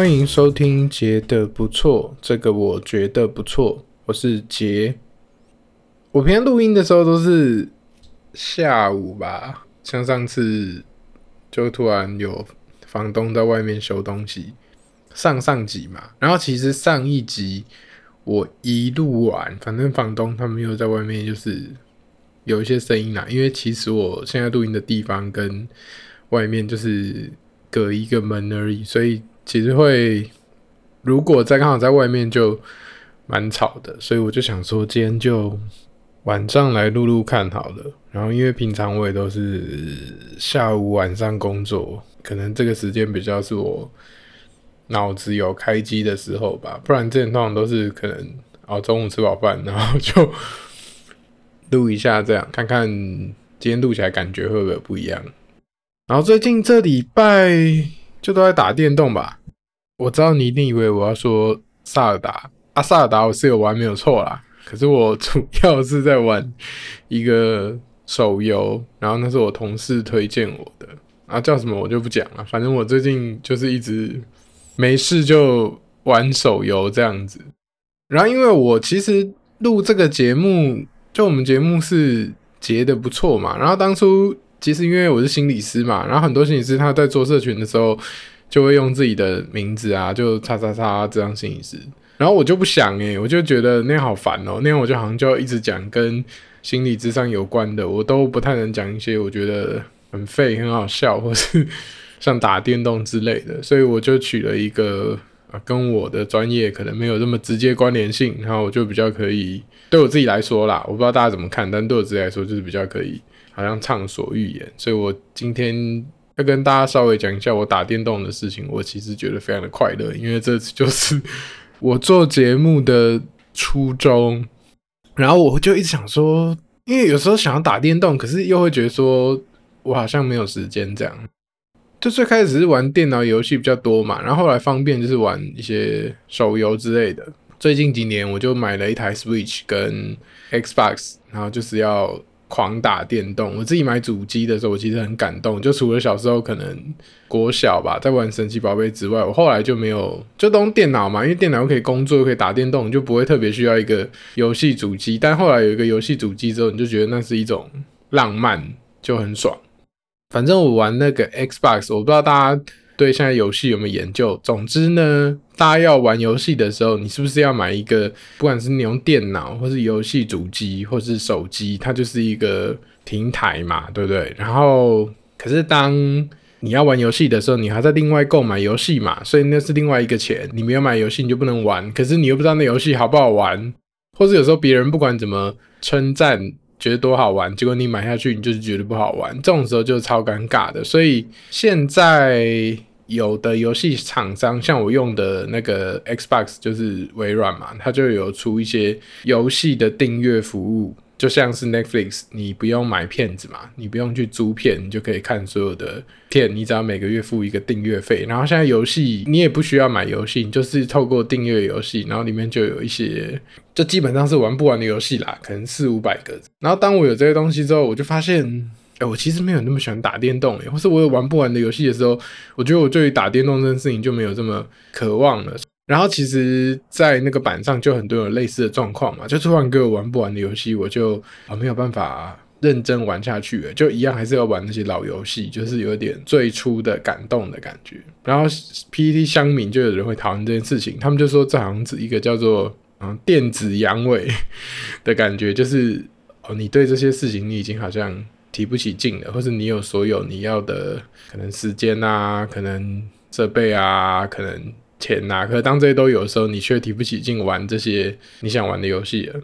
歡迎收聽，傑的不錯，這個我覺得不錯，我是杰。我平常錄音的時候都是下午吧，像上次就突然有房東在外面修東西，上上集嘛。然後其實上一集我一路玩，反正房東他們又在外面，就是有一些聲音啦，因為其實我現在錄音的地方跟外面就是隔一個門而已，所以。其實會，如果在剛好在外面就蠻吵的，所以我就想說今天就晚上來錄錄看好了。然後因為平常我也都是下午晚上工作，可能這個時間比較是我腦子有開機的時候吧。不然之前通常都是可能哦中午吃飽飯，然後就錄一下這樣，看看今天錄起來感覺會不會不一樣。然後最近這禮拜就都在打電動吧。我知道你一定以為我要說薩爾達，啊，薩爾達我是有玩沒有錯啦。可是我主要是在玩一個手遊，然後那是我同事推薦我的啊，叫什麼我就不講了。反正我最近就是一直沒事就玩手遊這樣子。然後因為我其實錄這個節目，就我們節目是傑的不錯嘛。然後當初其實因為我是心理師嘛，然後很多心理師他在做社群的時候。就會用自己的名字啊，就叉叉叉，這樣心理師。然後我就不想誒、欸，我就覺得那樣好煩哦、喔，那樣我就好像就要一直講跟心理諮商有關的，我都不太能講一些我覺得很廢、很好笑或是像打電動之類的。所以我就取了一個，啊，跟我的專業可能沒有這麼直接關聯性，然後我就比較可以，對我自己來說啦，我不知道大家怎麼看，但對我自己來說就是比較可以，好像暢所欲言。所以我今天，要跟大家稍微講一下我打電動的事情，我其實覺得非常的快樂，因為這次就是我做節目的初衷。然後我就一直想說，因為有時候想要打電動，可是又會覺得說我好像沒有時間這樣。就最開始是玩電腦遊戲比較多嘛，然後後來方便就是玩一些手遊之類的。最近幾年我就買了一台 Switch 跟 Xbox，然後就是要。狂打電動，我自己買主機的時候，我其實很感動。就除了小時候可能國小吧，在玩神奇寶貝之外，我後來就沒有就用電腦嘛，因為電腦可以工作，又可以打電動，你就不會特別需要一個遊戲主機。但後來有一個遊戲主機之後，你就覺得那是一種浪漫，就很爽。反正我玩那個 Xbox，我不知道大家。對，現在遊戲有沒有研究？總之呢，大家要玩遊戲的時候，你是不是要買一個？不管是你用電腦，或是遊戲主機，或是手機，它就是一個平台嘛，對不對？然後，可是當你要玩遊戲的時候，你還在另外購買遊戲嘛，所以那是另外一個錢。你沒有買遊戲，你就不能玩。可是你又不知道那遊戲好不好玩，或是有時候別人不管怎麼稱讚，覺得多好玩，結果你買下去，你就是覺得不好玩。這種時候就是超尷尬的。所以現在。有的遊戲廠商，像我用的那個 Xbox 就是微軟嘛，它就有出一些遊戲的訂閱服務，就像是 Netflix，你不用買片子嘛，你不用去租片，你就可以看所有的片，你只要每個月付一個訂閱費。然後現在遊戲你也不需要買遊戲，你就是透過訂閱遊戲，然後裡面就有一些，就基本上是玩不完的遊戲啦，可能四五百個。然後當我有這些東西之後，我就發現。哎、欸，我其實沒有那麼喜歡打電動，或是我有玩不完的遊戲的時候，我覺得我對於打電動這件事情就沒有這麼渴望了。然後其實，在那個板上就很多有類似的狀況嘛，就突然給我玩不完的遊戲，我就啊沒有辦法、啊、認真玩下去了，就一樣還是要玩那些老遊戲，就是有點最初的感動的感覺。然後 PTT 鄉民就有人會討論這件事情，他們就說這好像是一個叫做嗯電子陽痿的感覺，就是哦，你對這些事情你已經好像。提不起勁的，或是你有所有你要的可能時間啊，可能設備啊，可能錢啊，可當這些都有時候，你卻提不起勁玩這些你想玩的遊戲了。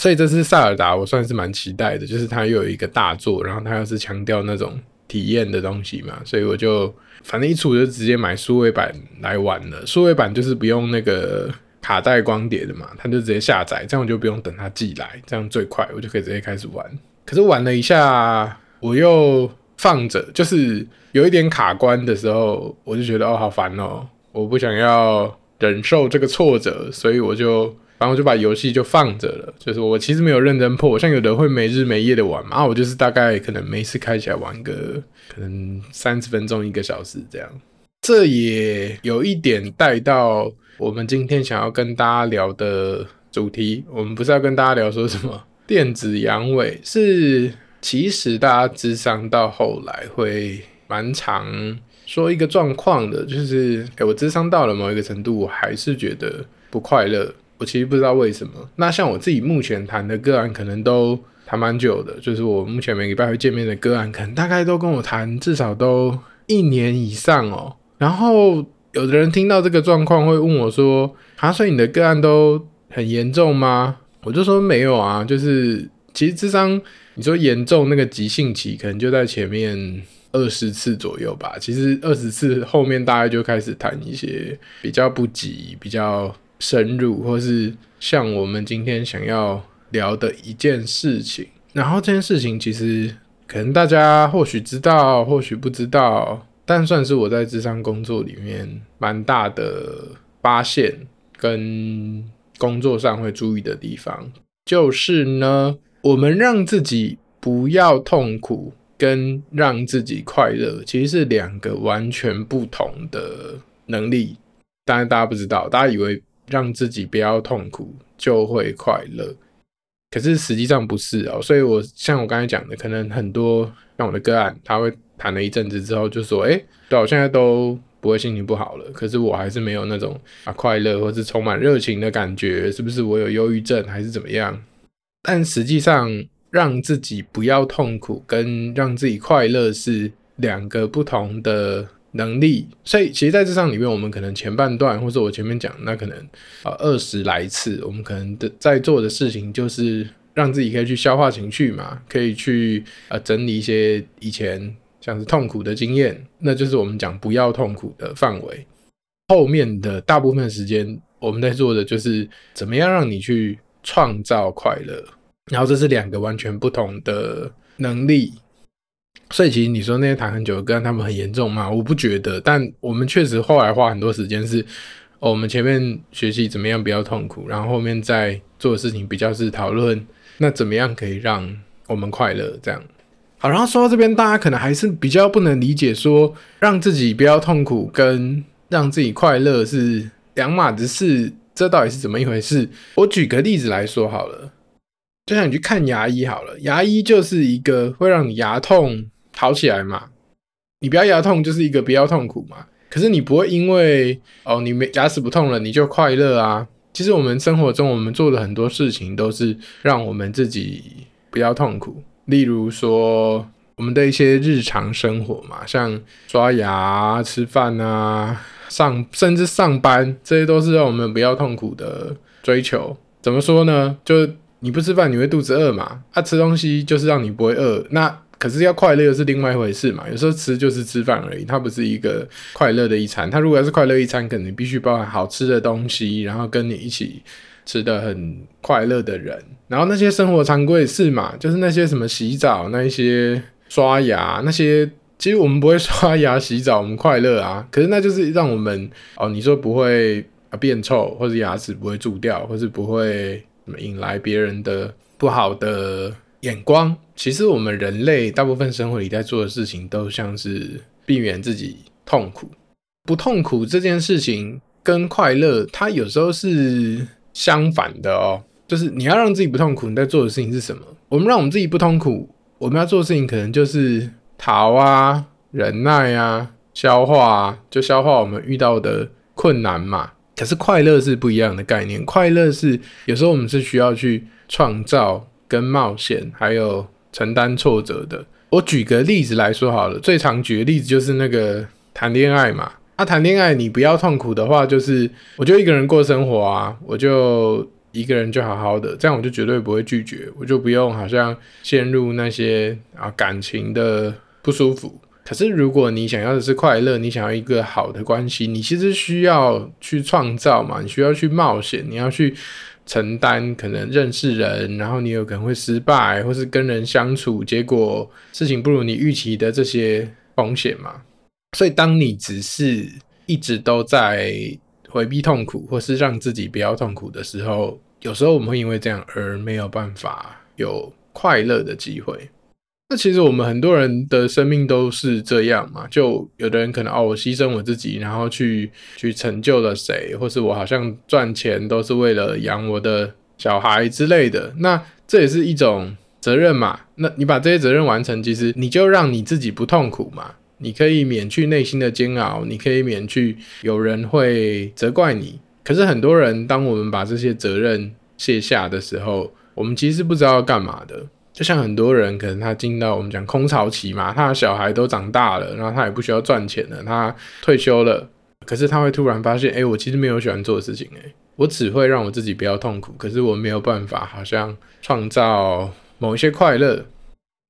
所以這次薩爾達我算是蠻期待的，就是它又有一個大作，然後它又是強調那種體驗的東西嘛，所以我就反正一出就直接買數位版來玩了。數位版就是不用那個卡帶光碟的嘛，它就直接下載，這樣我就不用等它寄來，這樣最快，我就可以直接開始玩。可是玩了一下，我又放着，就是有一點卡關的時候，我就覺得哦，好煩哦、喔，我不想要忍受這個挫折，所以我就，然後就把遊戲就放着了。就是我其實沒有認真破，像有的人會沒日沒夜的玩嘛，啊、我就是大概可能沒事開起來玩個可能三十分鐘一個小時這樣。這也有一點帶到我們今天想要跟大家聊的主題，我們不是要跟大家聊說什麼？ 電子陽痿是，其實大家諮商到後來會蠻常說一個狀況的，就是，哎、欸，我諮商到了某一個程度，我還是覺得不快樂，我其實不知道為什麼。那像我自己目前談的個案，可能都談蠻久的，就是我目前每個禮拜會見面的個案，可能大概都跟我談至少都一年以上哦、喔。然後有的人聽到這個狀況會問我說，啊，所以你的個案都很嚴重嗎？我就說沒有啊，就是其實諮商，你說嚴重那個急性期，可能就在前面二十次左右吧。其實二十次後面大概就開始談一些比較不急、比較深入，或是像我們今天想要聊的一件事情。然後這件事情其實可能大家或許知道，或許不知道，但算是我在諮商工作裡面蠻大的發現跟。工作上會注意的地方，就是呢，我們讓自己不要痛苦，跟讓自己快樂，其實是兩個完全不同的能力。當然，大家不知道，大家以為讓自己不要痛苦就會快樂，可是實際上不是哦。所以我像我剛才講的，可能很多像我的個案，他會談了一陣子之後，就說：“哎，對啊，我現在都。”不會心情不好了，可是我還是沒有那種啊快樂，或是充滿熱情的感覺，是不是我有憂鬱症還是怎麼樣？但實際上，讓自己不要痛苦跟讓自己快樂是兩個不同的能力，所以其實在這上裡面，我們可能前半段或是我前面講，那可能啊二十來次，我們可能的在做的事情就是讓自己可以去消化情緒嘛，可以去啊整理一些以前。像是痛苦的經驗，那就是我們講不要痛苦的範圍。後面的大部分時間，我們在做的就是怎麼樣讓你去創造快樂。然後這是兩個完全不同的能力。所以其實你說那些談很久的，跟他們很嚴重嗎？我不覺得。但我們確實後來花很多時間，是我們前面學習怎麼樣不要痛苦，然後後面在做的事情比較是討論，那怎麼樣可以讓我們快樂這樣。好，然後說到這邊，大家可能還是比較不能理解說，說讓自己不要痛苦跟讓自己快樂是兩碼子事，這到底是怎麼一回事？我舉個例子來說好了，就像你去看牙醫好了，牙醫就是一個會讓你牙痛好起來嘛，你不要牙痛就是一個不要痛苦嘛，可是你不會因為哦你沒牙齒不痛了，你就快樂啊。其實我們生活中，我們做的很多事情都是讓我們自己不要痛苦。例如說，我們的一些日常生活嘛，像刷牙、吃飯啊，上甚至上班，這些都是讓我們不要痛苦的追求。怎麼說呢？就你不吃飯，你會肚子餓嘛？啊，吃東西就是讓你不會餓。那可是要快樂又是另外一回事嘛。有時候吃就是吃飯而已，它不是一個快樂的一餐。它如果要是快樂一餐，可能你必須包含好吃的東西，然後跟你一起。吃的很快樂的人，然後那些生活常規的事嘛，就是那些什麼洗澡，那一些刷牙，那些，其實我們不會刷牙、洗澡，我們快樂啊。可是那就是讓我們哦，你說不會啊變臭，或是牙齒不會蛀掉，或是不會引來別人的不好的眼光。其實我們人類大部分生活裡在做的事情，都像是避免自己痛苦，不痛苦這件事情跟快樂，它有時候是。相反的哦，就是你要讓自己不痛苦，你在做的事情是什麼？我們讓我們自己不痛苦，我們要做的事情可能就是逃啊、忍耐啊、消化啊，就消化我們遇到的困難嘛。可是快樂是不一樣的概念，快樂是有時候我們是需要去創造跟冒險，還有承擔挫折的。我舉個例子來說好了，最常舉的例子就是那個談戀愛嘛。他談戀愛，你不要痛苦的話，就是我就一個人過生活啊，我就一個人就好好的，這樣我就絕對不會拒絕，我就不用好像陷入那些啊感情的不舒服。可是如果你想要的是快樂，你想要一個好的關係，你其實需要去創造嘛，你需要去冒險，你要去承擔可能認識人，然後你有可能會失敗，或是跟人相處，結果事情不如你預期的這些風險嘛。所以，當你只是一直都在回避痛苦，或是讓自己不要痛苦的時候，有時候我們會因為這樣而沒有辦法有快樂的機會。那其實我們很多人的生命都是這樣嘛。就有的人可能哦，我犧牲我自己，然後去去成就了誰，或是我好像賺錢都是為了養我的小孩之類的。那這也是一種責任嘛。那你把這些責任完成，其實你就讓你自己不痛苦嘛。你可以免去內心的煎熬，你可以免去有人會責怪你。可是很多人，當我們把這些責任卸下的時候，我們其實不知道要幹嘛的。就像很多人，可能他進到我們講空巢期嘛，他的小孩都長大了，然後他也不需要賺錢了，他退休了。可是他會突然發現，哎，欸，我其實沒有喜歡做的事情欸，誒，我只會讓我自己比較痛苦。可是我沒有辦法，好像創造某一些快樂。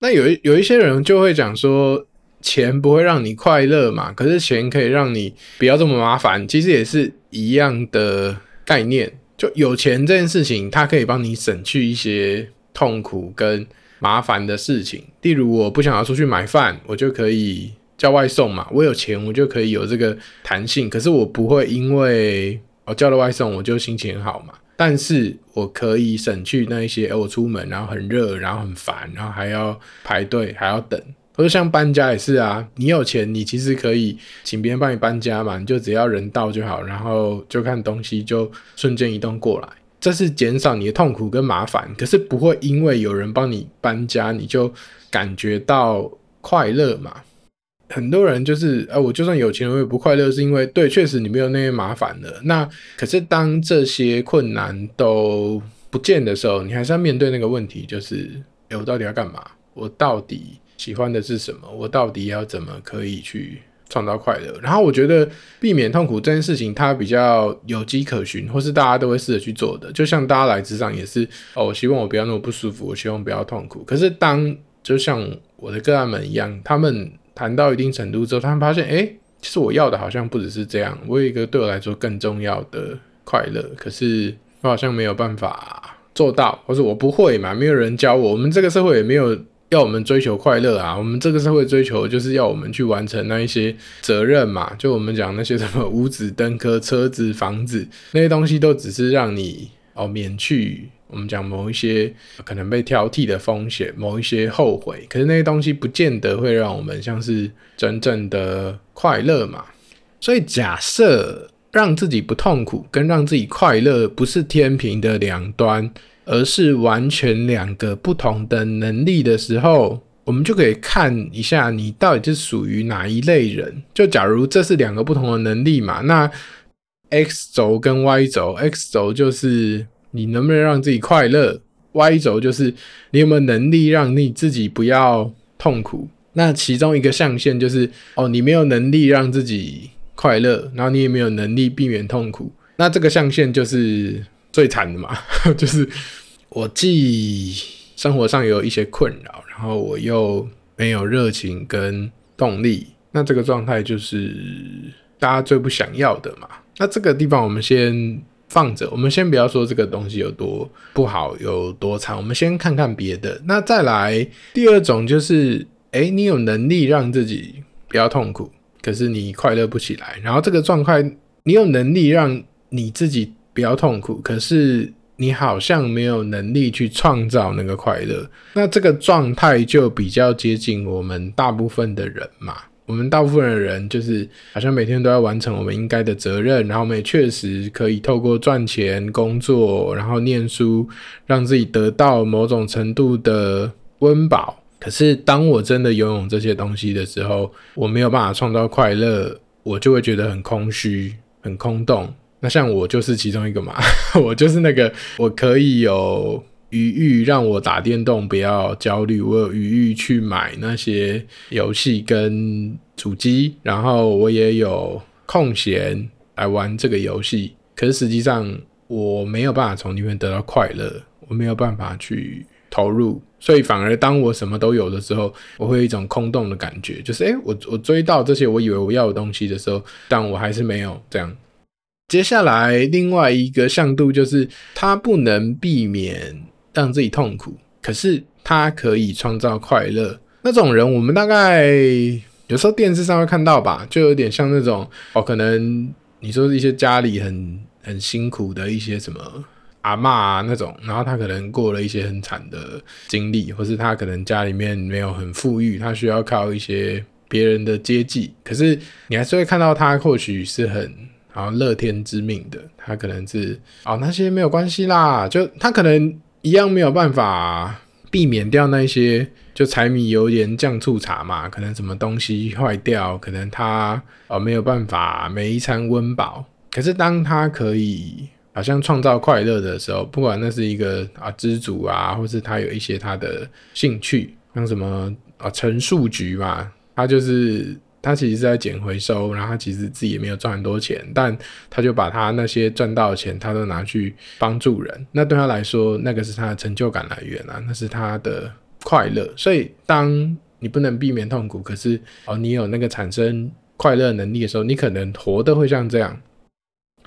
那有有一些人就會講說。錢不會讓你快樂嘛？可是錢可以讓你不要這麼麻煩，其實也是一樣的概念。就有錢這件事情，它可以幫你省去一些痛苦跟麻煩的事情。例如，我不想要出去買飯，我就可以叫外送嘛。我有錢，我就可以有這個彈性。可是我不會因為我、哦、叫了外送，我就心情好嘛。但是我可以省去那一些，哎，我出門然後很熱，然後很煩，然後還要排隊，還要等。或者像搬家也是啊，你有錢，你其實可以請別人幫你搬家嘛，你就只要人到就好，然後就看東西就瞬間移動過來，這是減少你的痛苦跟麻煩。可是不會因為有人幫你搬家，你就感覺到快樂嘛？很多人就是，哎、啊，我就算有錢我也不快樂，是因為對，確實你沒有那些麻煩了。那可是當這些困難都不見的時候，你還是要面對那個問題，就是誒，我到底要幹嘛？我到底？喜歡的是什麼？我到底要怎麼可以去創造快樂？然後我覺得避免痛苦這件事情，它比較有跡可循，或是大家都會試着去做的。就像大家來職場也是哦，我希望我不要那麼不舒服，我希望不要痛苦。可是當就像我的個案們一樣，他們談到一定程度之後，他們發現，誒，其實我要的好像不只是這樣，我有一個對我來說更重要的快樂，可是我好像沒有辦法做到，或是我不會嘛？沒有人教我，我們這個社會也沒有。要我們追求快樂啊，我們這個社會追求就是要我們去完成那一些責任嘛，就我們講那些什麼五子登科、車子、房子那些東西，都只是讓你哦免去我們講某一些可能被挑剔的風險，某一些後悔。可是那些東西不見得會讓我們像是真正的快樂嘛。所以假設讓自己不痛苦跟讓自己快樂不是天平的兩端，而是完全兩個不同的能力的時候，我們就可以看一下你到底是屬於哪一類人。就假如這是兩個不同的能力嘛，那 X 軸跟 Y 軸，X 軸就是你能不能讓自己快樂，Y 軸就是你有沒有能力讓你自己不要痛苦。那其中一個象限就是哦，你沒有能力讓自己快樂，然後你也沒有能力避免痛苦。那這個象限就是最慘的嘛，就是。我既生活上有一些困擾，然後我又沒有熱情跟動力，那這個狀態就是大家最不想要的嘛。那這個地方我們先放着，我們先不要說這個東西有多不好，有多慘，我們先看看別的。那再來第二種就是，欸，你有能力讓自己不要痛苦，可是你快樂不起來。然後這個狀態，你有能力讓你自己不要痛苦，可是。你好像沒有能力去創造那個快樂，那這個狀態就比較接近我們大部分的人嘛。我們大部分的人就是好像每天都要完成我們應該的責任，然後我們也確實可以透過賺錢、工作，然後念書，讓自己得到某種程度的溫飽。可是，當我真的擁有這些東西的時候，我沒有辦法創造快樂，我就會覺得很空虛、很空洞。那像我就是其中一個嘛， 我就是那個我可以有餘裕讓我打電動，不要焦慮。我有餘裕去買那些遊戲跟主機，然後我也有空閒來玩這個遊戲。可是實際上我沒有辦法從裡面得到快樂，我沒有辦法去投入，所以反而當我什麼都有的時候，我會有一種空洞的感覺，就是誒，我我追到這些我以為我要的東西的時候，但我還是沒有這樣。接下來另外一個向度就是，他不能避免讓自己痛苦，可是他可以創造快樂。那種人，我們大概有時候電視上會看到吧，就有點像那種哦，可能你說一些家裡很很辛苦的一些什麼阿媽啊，那種，然後他可能過了一些很慘的經歷，或是他可能家裡面沒有很富裕，他需要靠一些別人的接濟，可是你還是會看到他或許是很。然後樂天知命的，他可能是哦，那些沒有關係啦，就他可能一樣沒有辦法避免掉那些就柴米油鹽醬醋茶嘛，可能什麼東西壞掉，可能他哦，沒有辦法每一餐溫飽。可是當他可以好像創造快樂的時候，不管那是一個啊知足啊，或是他有一些他的興趣，像什麼啊陳樹菊嘛，他就是。他其實是在撿回收，然後他其實自己也沒有賺很多錢，但他就把他那些賺到的錢，他都拿去幫助人。那對他來說，那個是他的成就感來源啊，那是他的快樂。所以，當你不能避免痛苦，可是哦，你有那個產生快樂能力的時候，你可能活得會像這樣。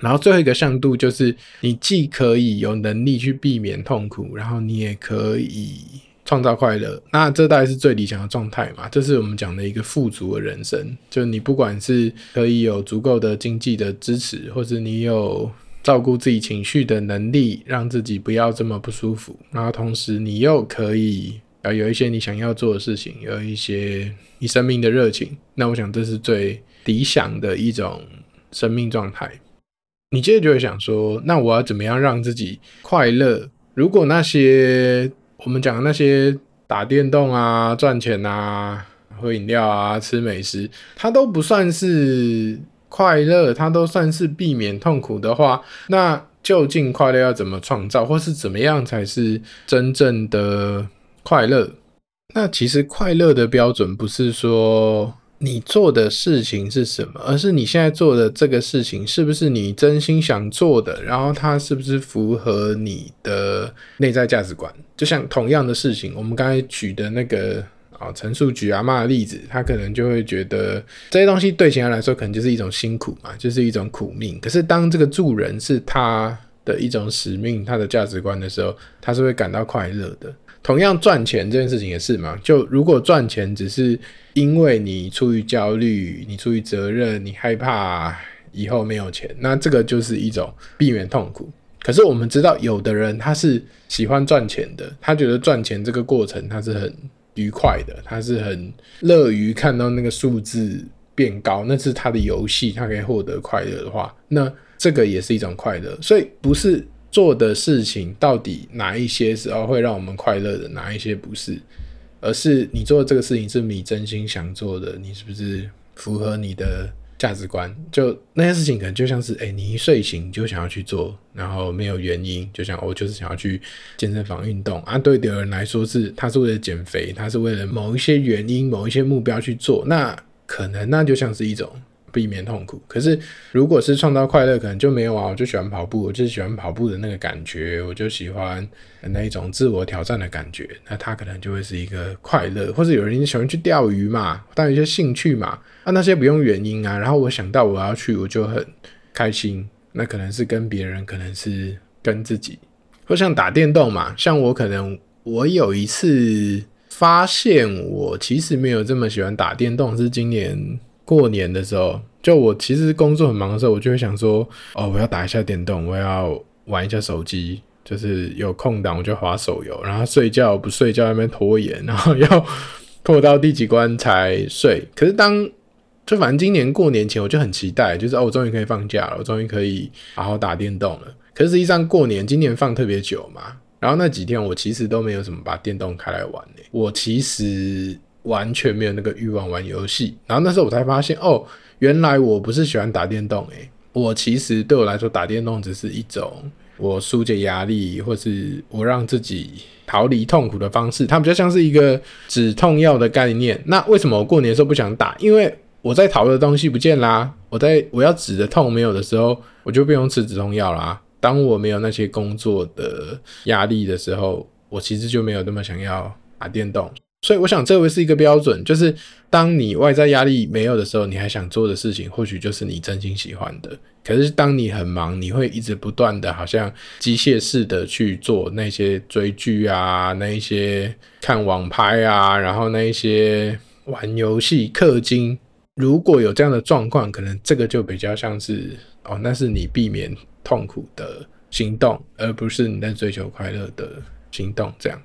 然後最後一個向度就是，你既可以有能力去避免痛苦，然後你也可以。創造快樂，那這大概是最理想的狀態嘛？這是我們講的一個富足的人生，就你不管是可以有足夠的經濟的支持，或是你有照顧自己情緒的能力，讓自己不要這麼不舒服，然後同時你又可以啊，有一些你想要做的事情，有一些你生命的熱情，那我想這是最理想的一種生命狀態。你接着就會想說，那我要怎麼樣讓自己快樂？如果那些我們講的那些打電動啊、賺錢啊、喝飲料啊、吃美食，它都不算是快樂，它都算是避免痛苦的話，那究竟快樂要怎麼創造，或是怎麼樣才是真正的快樂？那其實快樂的標準不是說，你做的事情是什麼？而是你現在做的這個事情是不是你真心想做的？然後它是不是符合你的內在價值觀？就像同樣的事情，我們剛才舉的那個啊、哦，陳樹菊阿嬤的例子，他可能就會覺得這些東西對其他人來說可能就是一種辛苦嘛，就是一種苦命。可是當這個助人是他的一種使命、他的價值觀的時候，他是會感到快樂的。同樣賺錢這件事情也是嘛，就如果賺錢只是因為你出於焦慮、你出於責任、你害怕以後沒有錢，那這個就是一種避免痛苦。可是我們知道，有的人他是喜歡賺錢的，他覺得賺錢這個過程他是很愉快的，他是很樂於看到那個數字變高，那是他的遊戲，他可以獲得快樂的話，那這個也是一種快樂，所以不是。做的事情到底哪一些時候、哦、會讓我們快樂的，哪一些不是？而是你做的這個事情是，是你真心想做的，你是不是符合你的價值觀？就那些事情，可能就像是，哎、欸，你一睡醒就想要去做，然後沒有原因，就像我、哦、就是想要去健身房運動啊。對有的人來說是，他是為了減肥，他是為了某一些原因、某一些目標去做，那可能那就像是一種。避免痛苦，可是如果是創造快樂，可能就沒有啊。我就喜歡跑步，我就喜歡跑步的那個感覺，我就喜歡那一種自我挑戰的感覺。那它可能就會是一個快樂，或者有人喜歡去釣魚嘛，當一些興趣嘛。那、啊、那些不用原因啊，然後我想到我要去，我就很開心。那可能是跟別人，可能是跟自己，或像打電動嘛。像我可能我有一次發現，我其實沒有這麼喜歡打電動，是今年。過年的時候，就我其實工作很忙的時候，我就會想說，哦，我要打一下電動，我要玩一下手機，就是有空檔我就滑手遊，然後睡覺不睡覺那邊拖延，然後要拖到第幾關才睡。可是當就反正今年過年前，我就很期待，就是哦，我終於可以放假了，我終於可以好好打電動了。可是實際上過年今年放特別久嘛，然後那幾天我其實都沒有什麼把電動開來玩，欸、我其實。完全沒有那個慾望玩遊戲，然後那時候我才發現哦，原來我不是喜歡打電動誒、欸，我其實對我來說打電動只是一種我疏解壓力或是我讓自己逃離痛苦的方式，它比較像是一個止痛藥的概念。那為什麼我過年的時候不想打？因為我在逃的東西不見啦，我在我要止的痛沒有的時候，我就不用吃止痛藥啦。當我沒有那些工作的壓力的時候，我其實就沒有那麼想要打電動。所以，我想，這會是一個標準，就是當你外在壓力沒有的時候，你還想做的事情，或許就是你真心喜歡的。可是，當你很忙，你會一直不斷的，好像機械式的去做那些追劇啊，那一些看網拍啊，然後那一些玩遊戲、氪金。如果有這樣的狀況，可能這個就比較像是哦，那是你避免痛苦的行動，而不是你在追求快樂的行動，這樣。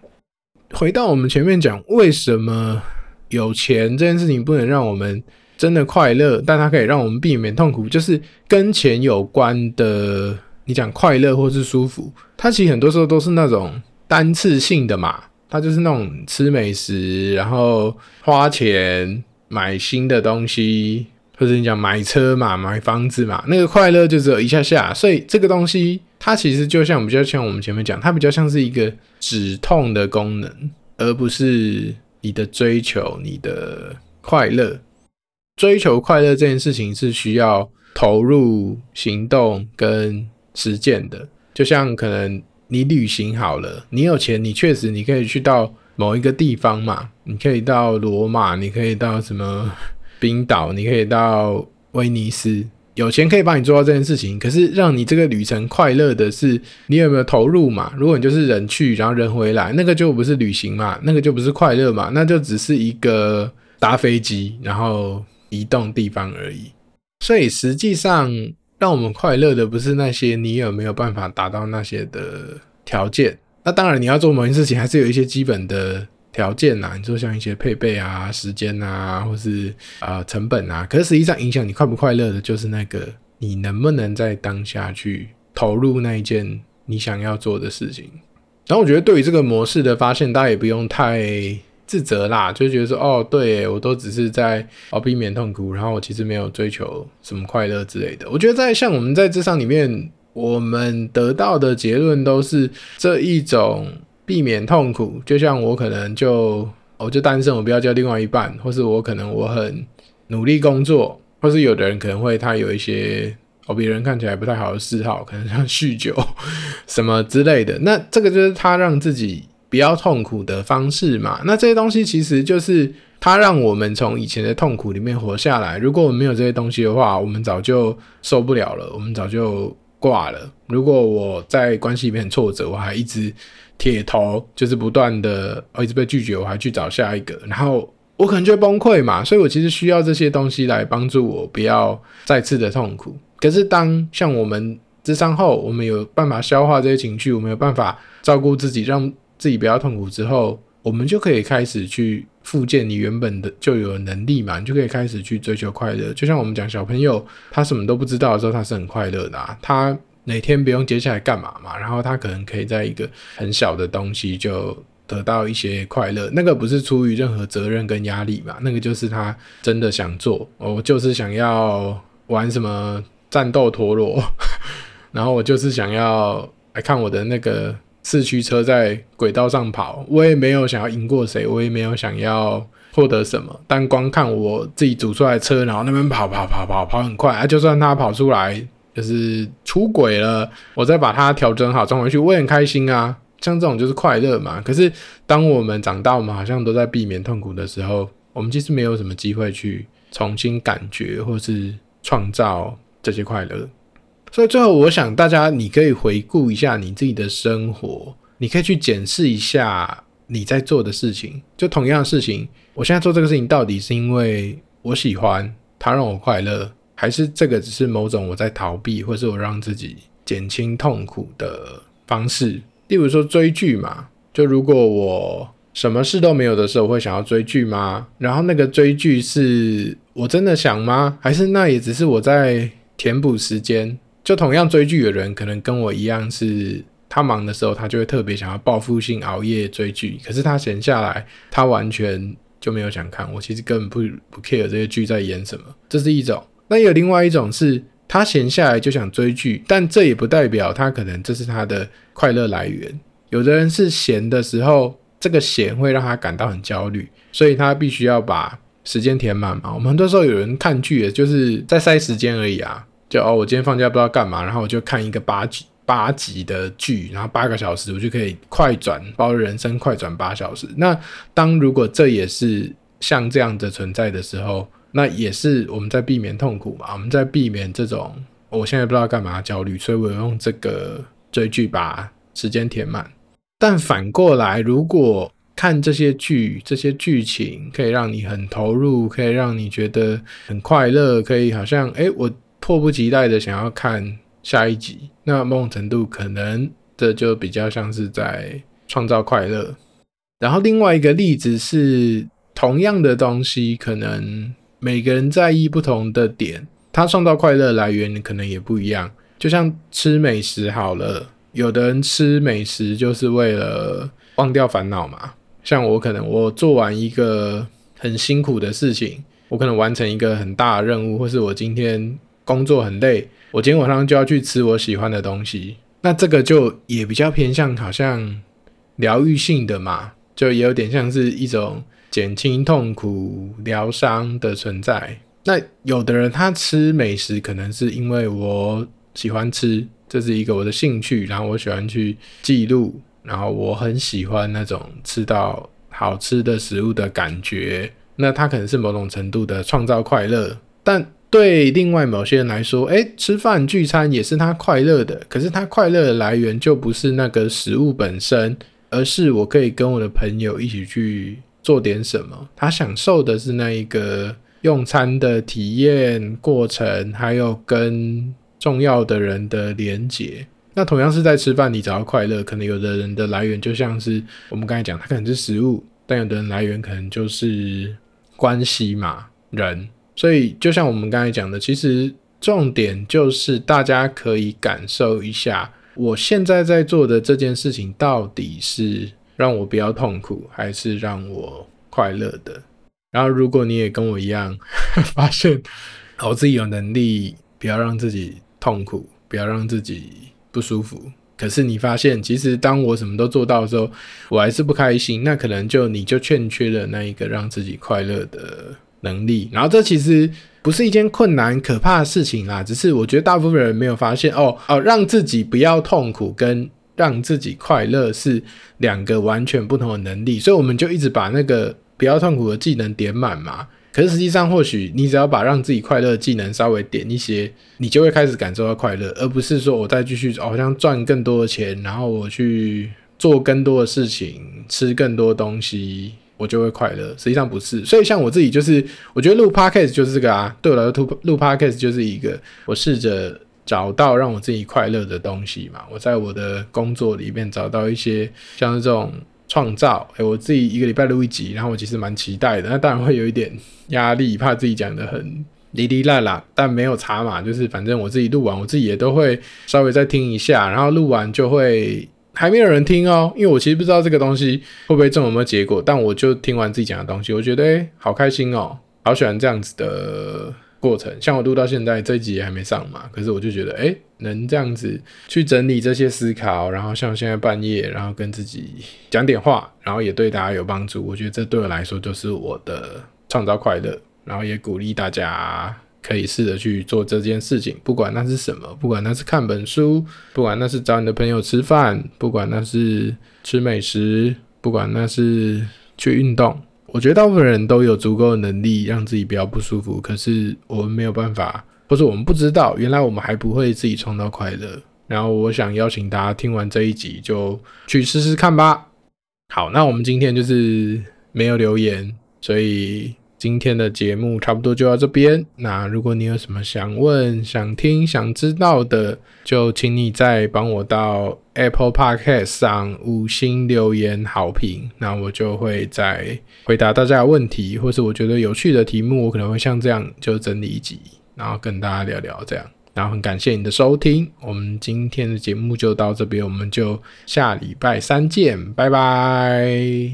回到我們前面講，為什麼有錢這件事情不能讓我們真的快樂，但它可以讓我們避免痛苦，就是跟錢有關的。你講快樂或是舒服，它其實很多時候都是那種單次性的嘛，它就是那種吃美食，然後花錢買新的東西，或者你講買車嘛、買房子嘛，那個快樂就只有一下下，所以這個東西。它其實就像比較像我們前面講，它比較像是一個止痛的功能，而不是你的追求你的快樂。追求快樂這件事情是需要投入行動跟實踐的。就像可能你旅行好了，你有錢，你確實你可以去到某一個地方嘛，你可以到羅馬，你可以到什麼冰島，你可以到威尼斯。有錢可以幫你做到這件事情，可是讓你這個旅程快樂的是你有沒有投入嘛？如果你就是人去，然後人回來，那個就不是旅行嘛，那個就不是快樂嘛，那就只是一個搭飛機然後移動地方而已。所以實際上讓我們快樂的不是那些你有沒有辦法達到那些的條件，那當然你要做某件事情還是有一些基本的。條件吶、啊，你說像一些配備啊、時間啊，或是啊、呃、成本啊，可是實際上影響你快不快樂的，就是那個你能不能在當下去投入那一件你想要做的事情，然後我覺得對於這個模式的發現，大家也不用太自責啦，就覺得說哦，對我都只是在哦避免痛苦，然後我其實沒有追求什麼快樂之類的。我覺得在像我們在智商裡面，我們得到的結論都是這一種。避免痛苦，就像我可能就我、哦、就單身，我不要交另外一半，或是我可能我很努力工作，或是有的人可能會他有一些哦，別人看起來不太好的嗜好，可能像酗酒什麼之類的。那這個就是他讓自己不要痛苦的方式嘛。那這些東西其實就是他讓我們從以前的痛苦裡面活下來。如果我們沒有這些東西的話，我們早就受不了了，我們早就掛了。如果我在關係裡面挫折，我還一直。鐵頭就是不斷的哦，一直被拒絕，我還去找下一個，然後我可能就會崩潰嘛。所以，我其實需要這些東西來幫助我，不要再次的痛苦。可是，當像我們諮商後，我們有辦法消化這些情緒，我們有辦法照顧自己，讓自己不要痛苦之後，我們就可以開始去復健。你原本的就有能力嘛，你就可以開始去追求快樂。就像我們講，小朋友他什麼都不知道的時候，他是很快樂的、啊。他。哪天不用接下來幹嘛嘛？然後他可能可以在一個很小的東西就得到一些快樂。那個不是出於任何責任跟壓力嘛，那個就是他真的想做。我、oh, 就是想要玩什麼戰鬥陀螺， 然後我就是想要來、哎、看我的那個四驅車在軌道上跑。我也沒有想要贏過誰，我也沒有想要獲得什麼。但光看我自己組出來的車，然後那邊跑跑跑跑跑很快啊！就算他跑出來，就是出軌了，我再把它調整好，裝回去，我也很開心啊。像這種就是快樂嘛。可是當我們長大，我們好像都在避免痛苦的時候，我們其實沒有什麼機會去重新感覺或是創造這些快樂。所以最後，我想大家你可以回顧一下你自己的生活，你可以去檢視一下你在做的事情。就同樣的事情，我現在做這個事情到底是因為我喜歡，它讓我快樂。還是這個只是某種我在逃避，或是我讓自己減輕痛苦的方式。例如說追劇嘛，就如果我什麼事都沒有的時候，我會想要追劇嗎？然後那個追劇是我真的想嗎？還是那也只是我在填補時間？就同樣追劇的人，可能跟我一樣是，他忙的時候他就會特別想要報復性熬夜追劇，可是他閒下來，他完全就沒有想看。我其實根本不不 care 這些劇在演什麼，這是一種。那有另外一種是，他閒下來就想追劇，但這也不代表他可能這是他的快樂來源。有的人是閒的時候，這個閒會讓他感到很焦慮，所以他必須要把時間填滿嘛。我們很多時候有人看劇，也就是在塞時間而已啊。就哦，我今天放假不知道幹嘛，然後我就看一個八集八集的劇，然後八個小時，我就可以快轉，包括人生快轉八小時。那當如果這也是像這樣子存在的時候，那也是我們在避免痛苦嘛，我們在避免這種，我現在不知道幹嘛焦慮，所以我用這個追劇把時間填滿。但反過來，如果看這些劇、這些劇情，可以讓你很投入，可以讓你覺得很快樂，可以好像欸，我迫不及待的想要看下一集。那某種程度可能這就比較像是在創造快樂。然後另外一個例子是，同樣的東西可能。每個人在意不同的點，他創造快樂來源，可能也不一樣。就像吃美食好了，有的人吃美食就是為了忘掉煩惱嘛。像我可能，我做完一個很辛苦的事情，我可能完成一個很大的任務，或是我今天工作很累，我今天晚上就要去吃我喜歡的東西。那這個就也比較偏向好像療癒性的嘛，就也有點像是一種。減輕痛苦、療傷的存在。那有的人他吃美食，可能是因為我喜歡吃，這是一個我的興趣。然後我喜歡去記錄，然後我很喜歡那種吃到好吃的食物的感覺。那他可能是某種程度的創造快樂。但對另外某些人來說，哎、欸，吃飯、聚餐也是他快樂的。可是他快樂的來源就不是那個食物本身，而是我可以跟我的朋友一起去做點什麼？他享受的是那一個用餐的體驗過程，還有跟重要的人的連結。那同樣是在吃飯，你找到快樂，可能有的人的來源就像是我們剛才講，他可能是食物，但有的人來源可能就是關係嘛，人。所以就像我們剛才講的，其實重點就是大家可以感受一下，我現在在做的這件事情到底是。讓我不要痛苦，還是讓我快樂的？然後，如果你也跟我一樣，呵呵發現我自己有能力不要讓自己痛苦，不要讓自己不舒服，可是你發現，其實當我什麼都做到的時候，我還是不開心，那可能就你就欠缺了那一個讓自己快樂的能力。然後，這其實不是一件困難、可怕的事情啦，只是我覺得大部分人沒有發現哦，哦，讓自己不要痛苦跟。讓自己快樂是兩個完全不同的能力，所以我們就一直把那個不要痛苦的技能點滿嘛。可是實際上，或許你只要把讓自己快樂的技能稍微點一些，你就會開始感受到快樂，而不是說我再繼續好像賺更多的錢，然後我去做更多的事情，吃更多東西，我就會快樂。實際上不是。所以像我自己，就是我覺得錄 podcast 就是這個啊。對我來說，錄錄 podcast 就是一個我試着。找到讓我自己快樂的東西嘛？我在我的工作裡面找到一些像這種創造，誒，我自己一個禮拜錄一集，然後我其實蠻期待的。那當然會有一點壓力，怕自己講得很哩哩爛啦，但沒有差嘛。就是反正我自己錄完，我自己也都會稍微再聽一下，然後錄完就會還沒有人聽哦、喔，因為我其實不知道這個東西會不會有麼沒有結果，但我就聽完自己講的東西，我覺得誒、欸、好開心哦、喔，好喜歡這樣子的。過程，像我錄到現在這一集也還沒上嘛，可是我就覺得，哎、欸，能這樣子去整理這些思考，然後像現在半夜，然後跟自己講點話，然後也對大家有幫助。我覺得這對我來說就是我的創造快樂，然後也鼓勵大家可以試着去做這件事情，不管那是什麼，不管那是看本書，不管那是找你的朋友吃飯，不管那是吃美食，不管那是去運動。我覺得大部分人都有足夠的能力讓自己比較不舒服，可是我們沒有辦法，或者我們不知道，原來我們還不會自己創造快樂。然後我想邀請大家聽完這一集就去試試看吧。好，那我們今天就是沒有留言，所以。今天的節目差不多就到這邊。那如果你有什麼想問、想聽、想知道的，就請你再幫我到 Apple Podcast 上五星留言好評。那我就會再回答大家的問題，或是我覺得有趣的題目，我可能會像這樣就整理一集，然後跟大家聊聊這樣。然後很感謝你的收聽，我們今天的節目就到這邊，我們就下禮拜三見，拜拜。